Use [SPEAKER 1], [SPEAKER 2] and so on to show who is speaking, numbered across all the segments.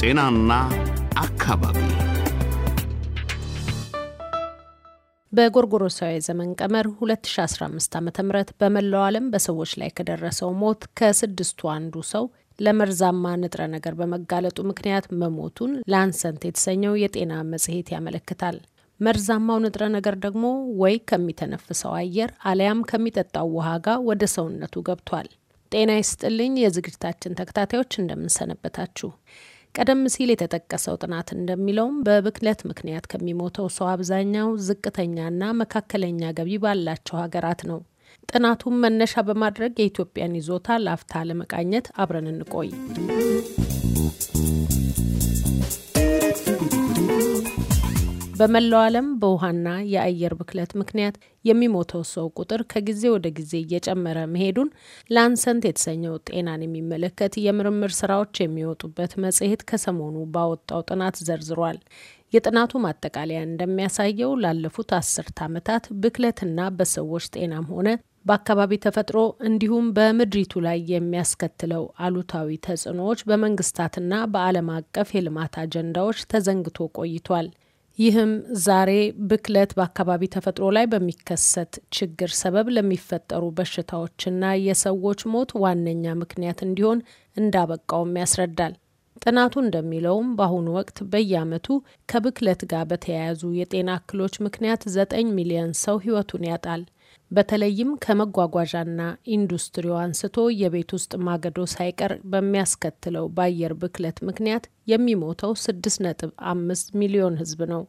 [SPEAKER 1] ጤናና አካባቢ
[SPEAKER 2] በጎርጎሮሳዊ ዘመን ቀመር 2015 ዓ ም በመላው ዓለም በሰዎች ላይ ከደረሰው ሞት ከስድስቱ አንዱ ሰው ለመርዛማ ንጥረ ነገር በመጋለጡ ምክንያት መሞቱን ላንሰንት የተሰኘው የጤና መጽሔት ያመለክታል። መርዛማው ንጥረ ነገር ደግሞ ወይ ከሚተነፍሰው አየር አሊያም ከሚጠጣው ውሃ ጋር ወደ ሰውነቱ ገብቷል። ጤና ይስጥልኝ የዝግጅታችን ተከታታዮች እንደምንሰነበታችሁ። ቀደም ሲል የተጠቀሰው ጥናት እንደሚለውም በብክለት ምክንያት ከሚሞተው ሰው አብዛኛው ዝቅተኛና መካከለኛ ገቢ ባላቸው ሀገራት ነው። ጥናቱን መነሻ በማድረግ የኢትዮጵያን ይዞታ ላፍታ ለመቃኘት አብረን እንቆይ። በመላው ዓለም በውሃና የአየር ብክለት ምክንያት የሚሞተው ሰው ቁጥር ከጊዜ ወደ ጊዜ እየጨመረ መሄዱን ላንሰንት የተሰኘው ጤናን የሚመለከት የምርምር ስራዎች የሚወጡበት መጽሔት ከሰሞኑ ባወጣው ጥናት ዘርዝሯል። የጥናቱ ማጠቃለያ እንደሚያሳየው ላለፉት አስርት ዓመታት ብክለትና በሰዎች ጤናም ሆነ በአካባቢ ተፈጥሮ እንዲሁም በምድሪቱ ላይ የሚያስከትለው አሉታዊ ተጽዕኖዎች በመንግስታትና በዓለም አቀፍ የልማት አጀንዳዎች ተዘንግቶ ቆይቷል። ይህም ዛሬ ብክለት በአካባቢ ተፈጥሮ ላይ በሚከሰት ችግር ሰበብ ለሚፈጠሩ በሽታዎችና የሰዎች ሞት ዋነኛ ምክንያት እንዲሆን እንዳበቃውም ያስረዳል። ጥናቱ እንደሚለውም በአሁኑ ወቅት በየዓመቱ ከብክለት ጋር በተያያዙ የጤና እክሎች ምክንያት ዘጠኝ ሚሊዮን ሰው ሕይወቱን ያጣል። በተለይም ከመጓጓዣና ኢንዱስትሪው አንስቶ የቤት ውስጥ ማገዶ ሳይቀር በሚያስከትለው በአየር ብክለት ምክንያት የሚሞተው 6.5 ሚሊዮን ሕዝብ ነው።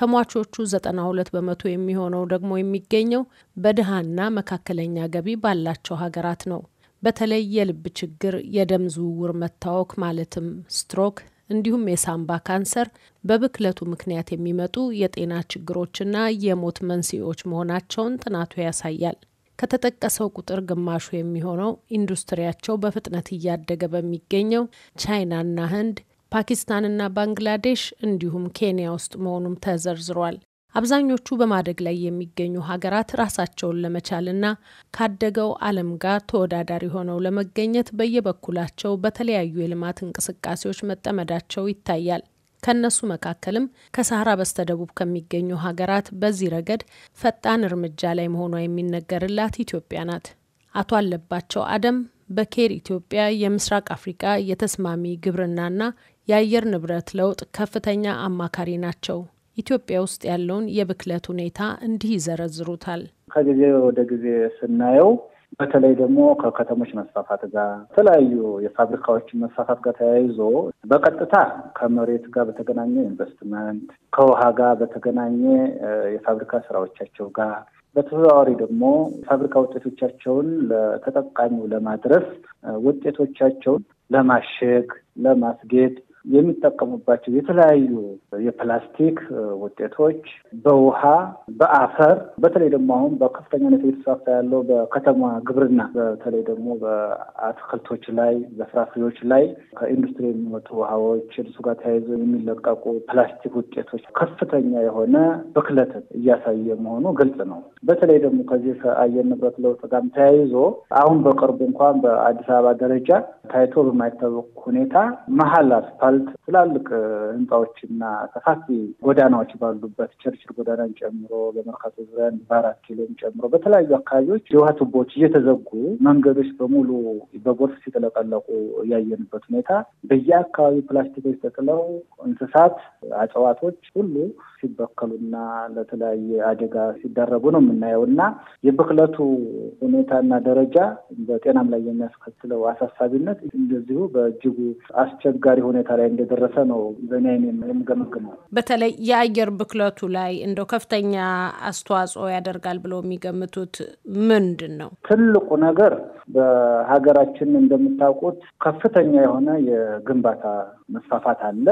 [SPEAKER 2] ከሟቾቹ 92 በመቶ የሚሆነው ደግሞ የሚገኘው በድሃና መካከለኛ ገቢ ባላቸው ሀገራት ነው። በተለይ የልብ ችግር፣ የደም ዝውውር መታወክ ማለትም ስትሮክ እንዲሁም የሳምባ ካንሰር በብክለቱ ምክንያት የሚመጡ የጤና ችግሮችና የሞት መንስኤዎች መሆናቸውን ጥናቱ ያሳያል። ከተጠቀሰው ቁጥር ግማሹ የሚሆነው ኢንዱስትሪያቸው በፍጥነት እያደገ በሚገኘው ቻይናና ህንድ፣ ፓኪስታንና ባንግላዴሽ እንዲሁም ኬንያ ውስጥ መሆኑም ተዘርዝሯል። አብዛኞቹ በማደግ ላይ የሚገኙ ሀገራት ራሳቸውን ለመቻልና ካደገው ዓለም ጋር ተወዳዳሪ ሆነው ለመገኘት በየበኩላቸው በተለያዩ የልማት እንቅስቃሴዎች መጠመዳቸው ይታያል። ከእነሱ መካከልም ከሳህራ በስተደቡብ ከሚገኙ ሀገራት በዚህ ረገድ ፈጣን እርምጃ ላይ መሆኗ የሚነገርላት ኢትዮጵያ ናት። አቶ አለባቸው አደም በኬር ኢትዮጵያ የምስራቅ አፍሪቃ የተስማሚ ግብርናና የአየር ንብረት ለውጥ ከፍተኛ አማካሪ ናቸው። ኢትዮጵያ ውስጥ ያለውን የብክለት ሁኔታ እንዲህ ይዘረዝሩታል።
[SPEAKER 3] ከጊዜ ወደ ጊዜ ስናየው በተለይ ደግሞ ከከተሞች መስፋፋት ጋር የተለያዩ የፋብሪካዎችን መስፋፋት ጋር ተያይዞ በቀጥታ ከመሬት ጋር በተገናኘ ኢንቨስትመንት፣ ከውሃ ጋር በተገናኘ የፋብሪካ ስራዎቻቸው ጋር በተዘዋዋሪ ደግሞ ፋብሪካ ውጤቶቻቸውን ለተጠቃሚው ለማድረስ ውጤቶቻቸውን ለማሸግ ለማስጌጥ የሚጠቀሙባቸው የተለያዩ የፕላስቲክ ውጤቶች በውሃ በአፈር በተለይ ደግሞ አሁን በከፍተኛ ሁኔታ እየተስፋፋ ያለው በከተማ ግብርና በተለይ ደግሞ በአትክልቶች ላይ በፍራፍሬዎች ላይ ከኢንዱስትሪ የሚመጡ ውሃዎች እሱ ጋር ተያይዞ የሚለቀቁ ፕላስቲክ ውጤቶች ከፍተኛ የሆነ ብክለት እያሳየ መሆኑ ግልጽ ነው። በተለይ ደግሞ ከዚህ ከአየር ንብረት ለውጥ ጋርም ተያይዞ አሁን በቅርቡ እንኳን በአዲስ አበባ ደረጃ ታይቶ በማይታወቅ ሁኔታ መሀል አስፋል አስፋልት፣ ትላልቅ ህንፃዎችና ሰፋፊ ጎዳናዎች ባሉበት ቸርችል ጎዳናን ጨምሮ በመርካቶ ዙሪያን በአራት ኪሎን ጨምሮ በተለያዩ አካባቢዎች የውሃ ቱቦዎች እየተዘጉ መንገዶች በሙሉ በጎርፍ ሲጥለቀለቁ ያየንበት ሁኔታ በየአካባቢ ፕላስቲኮች ተጥለው እንስሳት፣ እጽዋቶች ሁሉ ሲበከሉና ለተለያየ አደጋ ሲደረጉ ነው የምናየው እና የብክለቱ ሁኔታና ደረጃ በጤናም ላይ የሚያስከትለው አሳሳቢነት እንደዚሁ በእጅጉ አስቸጋሪ ሁኔታ ላይ ላይ እንደደረሰ ነው በእኔ አይን የምገመግመው።
[SPEAKER 2] በተለይ የአየር ብክለቱ ላይ እንደው ከፍተኛ አስተዋጽኦ ያደርጋል ብሎ የሚገምቱት ምንድን ነው?
[SPEAKER 3] ትልቁ ነገር በሀገራችን እንደምታውቁት ከፍተኛ የሆነ የግንባታ መስፋፋት አለ።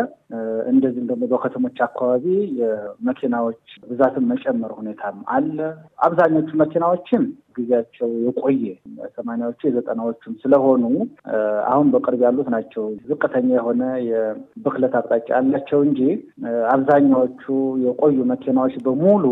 [SPEAKER 3] እንደዚህም ደግሞ በከተሞች አካባቢ የመኪናዎች ብዛትን መጨመር ሁኔታም አለ። አብዛኞቹ መኪናዎችም ጊዜያቸው የቆየ ሰማንያዎቹ የዘጠናዎቹም ስለሆኑ አሁን በቅርብ ያሉት ናቸው። ዝቅተኛ የሆነ የብክለት አቅጣጫ ያላቸው እንጂ አብዛኛዎቹ የቆዩ መኪናዎች በሙሉ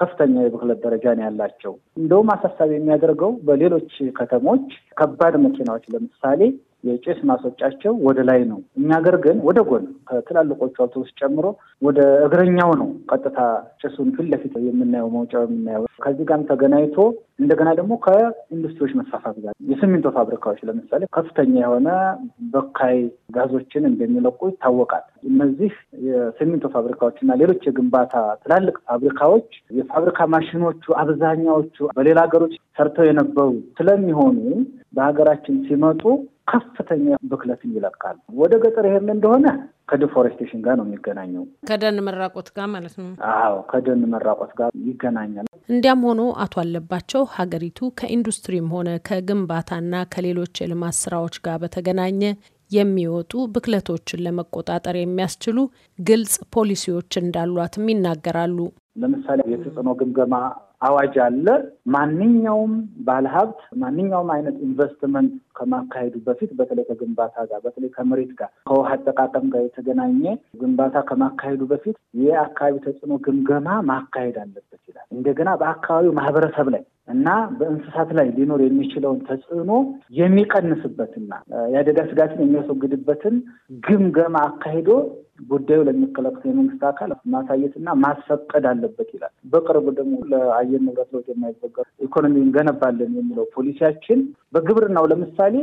[SPEAKER 3] ከፍተኛ የብክለት ደረጃ ነው ያላቸው። እንደውም አሳሳቢ የሚያደርገው በሌሎች ከተሞች ከባድ መኪናዎች ለምሳሌ የጭስ ማስወጫቸው ወደ ላይ ነው። እኛ ሀገር ግን ወደ ጎን ከትላልቆቹ አውቶቡስ ጨምሮ ወደ እግረኛው ነው ቀጥታ ጭሱን ፊት ለፊት የምናየው መውጫው የምናየው። ከዚህ ጋርም ተገናኝቶ እንደገና ደግሞ ከኢንዱስትሪዎች መስፋፋት ጋር የስሚንቶ ፋብሪካዎች ለምሳሌ ከፍተኛ የሆነ በካይ ጋዞችን እንደሚለቁ ይታወቃል። እነዚህ የሲሚንቶ ፋብሪካዎች እና ሌሎች የግንባታ ትላልቅ ፋብሪካዎች የፋብሪካ ማሽኖቹ አብዛኛዎቹ በሌላ ሀገሮች ሰርተው የነበሩ ስለሚሆኑ በሀገራችን ሲመጡ ከፍተኛ ብክለትን ይለቃል። ወደ ገጠር ይሄን እንደሆነ ከዲፎሬስቴሽን ጋር ነው የሚገናኘው፣
[SPEAKER 2] ከደን መራቆት ጋር ማለት ነው።
[SPEAKER 3] አዎ ከደን መራቆት ጋር ይገናኛል።
[SPEAKER 2] እንዲያም ሆኖ አቶ አለባቸው ሀገሪቱ ከኢንዱስትሪም ሆነ ከግንባታና ከሌሎች የልማት ስራዎች ጋር በተገናኘ የሚወጡ ብክለቶችን ለመቆጣጠር የሚያስችሉ ግልጽ ፖሊሲዎች እንዳሏትም ይናገራሉ።
[SPEAKER 3] ለምሳሌ የተጽዕኖ ግምገማ አዋጅ አለ። ማንኛውም ባለሀብት ማንኛውም አይነት ኢንቨስትመንት ከማካሄዱ በፊት በተለይ ከግንባታ ጋር በተለይ ከመሬት ጋር ከውሃ አጠቃቀም ጋር የተገናኘ ግንባታ ከማካሄዱ በፊት የአካባቢ ተጽዕኖ ግምገማ ማካሄድ አለበት ይላል። እንደገና በአካባቢው ማህበረሰብ ላይ እና በእንስሳት ላይ ሊኖር የሚችለውን ተጽዕኖ የሚቀንስበትና የአደጋ ስጋትን የሚያስወግድበትን ግምገማ አካሂዶ ጉዳዩ ለሚከለክሉ የመንግስት አካል ማሳየትና ማስፈቀድ አለበት ይላል። በቅርቡ ደግሞ ለአየር ንብረት ለውጥ የማይበገር ኢኮኖሚ እንገነባለን የሚለው ፖሊሲያችን በግብርናው ለምሳሌ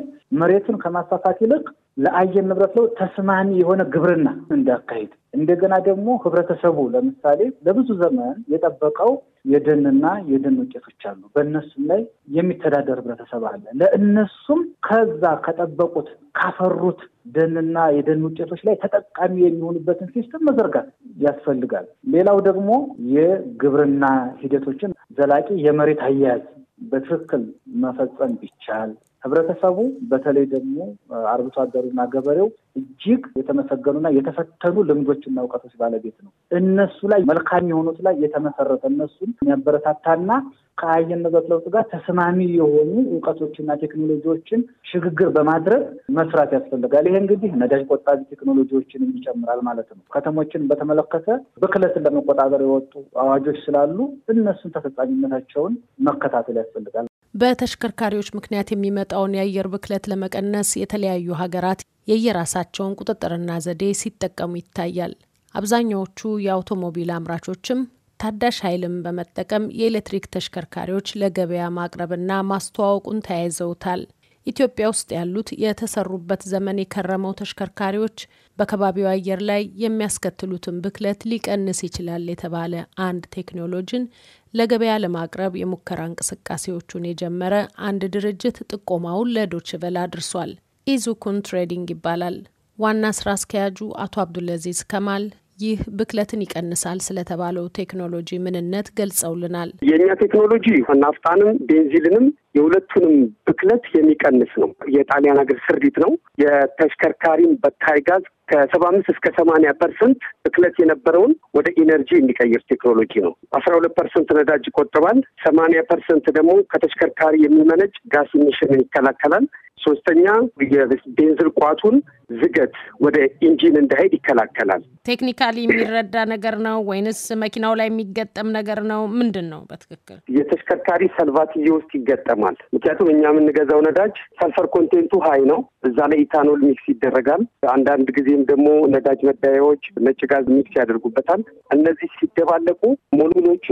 [SPEAKER 3] መሬቱን ከማስፋፋት ይልቅ ለአየር ንብረት ለውጥ ተስማሚ የሆነ ግብርና እንዳካሄድ እንደገና ደግሞ ህብረተሰቡ ለምሳሌ ለብዙ ዘመን የጠበቀው የደንና የደን ውጤቶች አሉ። በእነሱም ላይ የሚተዳደር ህብረተሰብ አለ። ለእነሱም ከዛ ከጠበቁት ካፈሩት ደንና የደን ውጤቶች ላይ ተጠቃሚ የሚሆኑበትን ሲስተም መዘርጋት ያስፈልጋል። ሌላው ደግሞ የግብርና ሂደቶችን ዘላቂ የመሬት አያያዝ በትክክል መፈጸም ቢቻል ህብረተሰቡ በተለይ ደግሞ አርብቶ አደሩና ገበሬው እጅግ የተመሰገኑና የተፈተኑ ልምዶችና እውቀቶች ባለቤት ነው። እነሱ ላይ መልካም የሆኑት ላይ የተመሰረተ እነሱን የሚያበረታታና ከአየር ንብረት ለውጥ ጋር ተስማሚ የሆኑ እውቀቶችና ቴክኖሎጂዎችን ሽግግር በማድረግ መስራት ያስፈልጋል። ይሄ እንግዲህ ነዳጅ ቆጣቢ ቴክኖሎጂዎችን ይጨምራል ማለት ነው። ከተሞችን በተመለከተ ብክለትን ለመቆጣጠር የወጡ አዋጆች ስላሉ እነሱን ተፈጻሚነታቸውን መከታተል ያስፈልጋል።
[SPEAKER 2] በተሽከርካሪዎች ምክንያት የሚመጣውን የአየር ብክለት ለመቀነስ የተለያዩ ሀገራት የየራሳቸውን ቁጥጥርና ዘዴ ሲጠቀሙ ይታያል። አብዛኛዎቹ የአውቶሞቢል አምራቾችም ታዳሽ ኃይልን በመጠቀም የኤሌክትሪክ ተሽከርካሪዎች ለገበያ ማቅረብና ማስተዋወቁን ተያይዘውታል። ኢትዮጵያ ውስጥ ያሉት የተሰሩበት ዘመን የከረመው ተሽከርካሪዎች በከባቢው አየር ላይ የሚያስከትሉትን ብክለት ሊቀንስ ይችላል የተባለ አንድ ቴክኖሎጂን ለገበያ ለማቅረብ የሙከራ እንቅስቃሴዎቹን የጀመረ አንድ ድርጅት ጥቆማውን ለዶችቨላ አድርሷል። ኢዙኩን ትሬዲንግ ይባላል። ዋና ስራ አስኪያጁ አቶ አብዱልአዚዝ ከማል ይህ ብክለትን ይቀንሳል ስለተባለው ቴክኖሎጂ ምንነት ገልጸውልናል።
[SPEAKER 1] የእኛ ቴክኖሎጂ ናፍጣንም ቤንዚልንም የሁለቱንም ብክለት የሚቀንስ ነው። የጣሊያን ሀገር ስሪት ነው። የተሽከርካሪን በካይ ጋዝ ከሰባ አምስት እስከ ሰማኒያ ፐርሰንት ብክለት የነበረውን ወደ ኢነርጂ የሚቀይር ቴክኖሎጂ ነው። አስራ ሁለት ፐርሰንት ነዳጅ ይቆጥባል። ሰማኒያ ፐርሰንት ደግሞ ከተሽከርካሪ የሚመነጭ ጋስ ኢሚሽንን ይከላከላል። ሶስተኛ የቤንዝል ቋቱን ዝገት ወደ ኢንጂን እንዳሄድ ይከላከላል።
[SPEAKER 2] ቴክኒካሊ የሚረዳ ነገር ነው ወይንስ መኪናው ላይ የሚገጠም ነገር ነው? ምንድን ነው በትክክል?
[SPEAKER 1] የተሽከርካሪ ሰልቫትዬ ውስጥ ይገጠማል። ምክንያቱም እኛ የምንገዛው ነዳጅ ሰልፈር ኮንቴንቱ ሀይ ነው። እዛ ላይ ኢታኖል ሚክስ ይደረጋል። አንዳንድ ጊዜም ደግሞ ነዳጅ መዳያዎች ነጭ ጋዝ ሚክስ ያደርጉበታል። እነዚህ ሲደባለቁ ሞሉሎቹ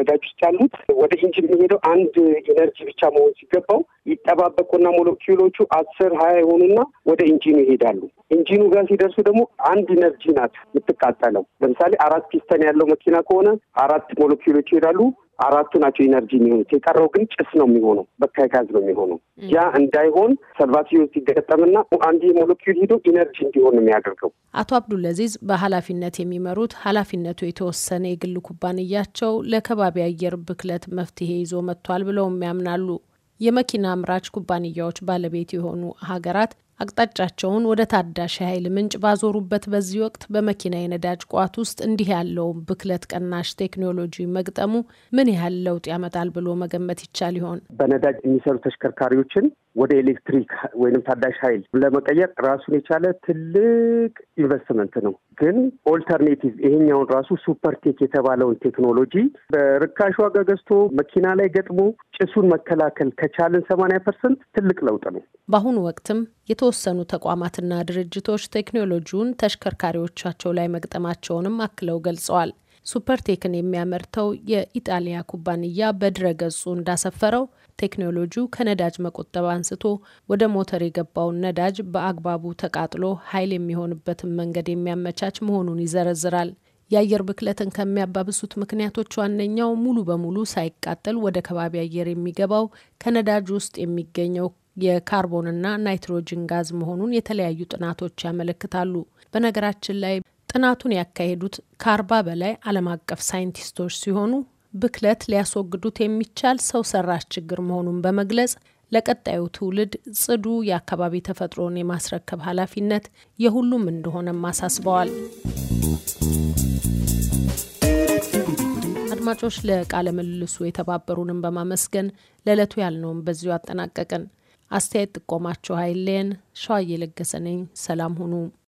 [SPEAKER 1] ነዳጅ ውስጥ ያሉት ወደ ኢንጂን የሚሄደው አንድ ኢነርጂ ብቻ መሆን ሲገባው ይጠባበቁና ሞለኪውሎ ሞዴሎቹ አስር ሀያ የሆኑና ወደ ኢንጂኑ ይሄዳሉ። ኢንጂኑ ጋር ሲደርሱ ደግሞ አንድ ኢነርጂ ናት የምትቃጠለው። ለምሳሌ አራት ፒስተን ያለው መኪና ከሆነ አራት ሞለኪሎች ይሄዳሉ። አራቱ ናቸው ኢነርጂ የሚሆኑት። የቀረው ግን ጭስ ነው የሚሆነው፣ በካይ ጋዝ ነው የሚሆነው። ያ እንዳይሆን ሰልቫሲዮ ሲገጠምና አንድ የሞለኪል ሂዶ ኢነርጂ እንዲሆን የሚያደርገው።
[SPEAKER 2] አቶ አብዱልአዚዝ በኃላፊነት የሚመሩት ኃላፊነቱ የተወሰነ የግል ኩባንያቸው ለከባቢ አየር ብክለት መፍትሄ ይዞ መጥቷል ብለውም ያምናሉ። የመኪና አምራች ኩባንያዎች ባለቤት የሆኑ ሀገራት አቅጣጫቸውን ወደ ታዳሽ ኃይል ምንጭ ባዞሩበት በዚህ ወቅት በመኪና የነዳጅ ቋት ውስጥ እንዲህ ያለው ብክለት ቀናሽ ቴክኖሎጂ መግጠሙ ምን ያህል ለውጥ ያመጣል ብሎ መገመት ይቻል ይሆን?
[SPEAKER 1] በነዳጅ የሚሰሩ ተሽከርካሪዎችን ወደ ኤሌክትሪክ ወይም ታዳሽ ኃይል ለመቀየር ራሱን የቻለ ትልቅ ኢንቨስትመንት ነው። ግን ኦልተርኔቲቭ ይሄኛውን ራሱ ሱፐርቴክ የተባለውን ቴክኖሎጂ በርካሽ ዋጋ ገዝቶ መኪና ላይ ገጥሞ ጭሱን መከላከል ከቻልን ሰማንያ ፐርሰንት ትልቅ ለውጥ ነው።
[SPEAKER 2] በአሁኑ ወቅትም የተወሰኑ ተቋማትና ድርጅቶች ቴክኖሎጂውን ተሽከርካሪዎቻቸው ላይ መግጠማቸውንም አክለው ገልጸዋል። ሱፐርቴክን የሚያመርተው የኢጣሊያ ኩባንያ በድረ ገጹ እንዳሰፈረው ቴክኖሎጂው ከነዳጅ መቆጠብ አንስቶ ወደ ሞተር የገባውን ነዳጅ በአግባቡ ተቃጥሎ ኃይል የሚሆንበትን መንገድ የሚያመቻች መሆኑን ይዘረዝራል። የአየር ብክለትን ከሚያባብሱት ምክንያቶች ዋነኛው ሙሉ በሙሉ ሳይቃጠል ወደ ከባቢ አየር የሚገባው ከነዳጅ ውስጥ የሚገኘው የካርቦንና ናይትሮጅን ጋዝ መሆኑን የተለያዩ ጥናቶች ያመለክታሉ። በነገራችን ላይ ጥናቱን ያካሄዱት ከአርባ በላይ ዓለም አቀፍ ሳይንቲስቶች ሲሆኑ ብክለት ሊያስወግዱት የሚቻል ሰው ሰራሽ ችግር መሆኑን በመግለጽ ለቀጣዩ ትውልድ ጽዱ የአካባቢ ተፈጥሮን የማስረከብ ኃላፊነት የሁሉም እንደሆነም አሳስበዋል። አድማጮች ለቃለ ምልልሱ የተባበሩንም በማመስገን ለዕለቱ ያልነውን በዚሁ አጠናቀቅን። አስተያየት ጥቆማችሁ አይለየን። ሸዋ እየለገሰ ነኝ። ሰላም ሁኑ።